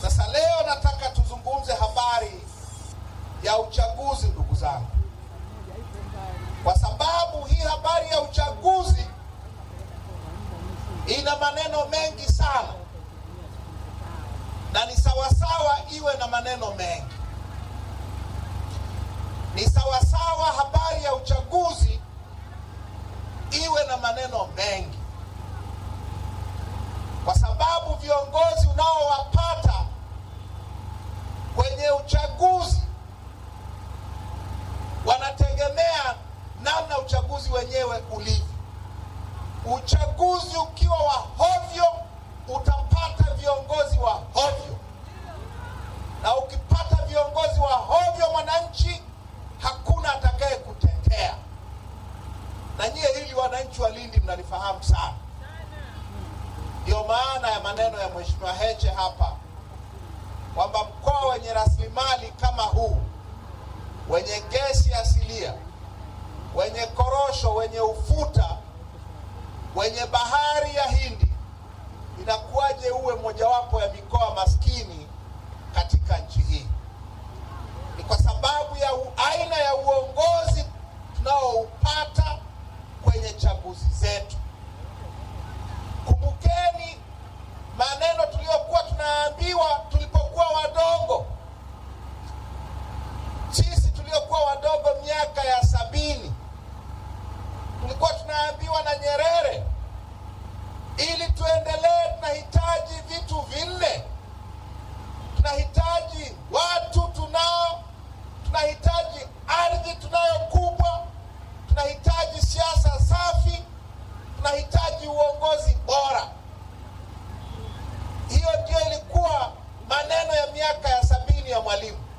Sasa leo nataka tuzungumze habari ya uchaguzi, ndugu zangu, kwa sababu hii habari ya uchaguzi ina maneno mengi sana, na ni sawasawa iwe na maneno mengi. Ni sawasawa habari ya uchaguzi iwe na maneno mengi, kwa sababu viongozi unaowapa uchaguzi wanategemea namna uchaguzi wenyewe ulivyo. Uchaguzi ukiwa wa hovyo, utapata viongozi wa hovyo, na ukipata viongozi wa hovyo, mwananchi hakuna atakaye kutetea. Na nyie hili wananchi wa Lindi mnalifahamu sana, ndio maana ya maneno ya Mheshimiwa Heche hapa kwamba mkoa wenye rasilimali kama huu wenye gesi asilia, wenye korosho, wenye ufuta, wenye bahari ya Hindi, inakuwaje uwe mojawapo ya mikoa maskini katika nchi hii? Ni kwa sababu ya aina ya uongozi tunaoupata kwenye chaguzi zetu. miaka ya sabini tulikuwa tunaambiwa na Nyerere, ili tuendelee tunahitaji vitu vinne. Tunahitaji watu tunao, tunahitaji ardhi tunayo kubwa, tunahitaji siasa safi, tunahitaji uongozi bora. Hiyo ndio ilikuwa maneno ya miaka ya sabini ya Mwalimu.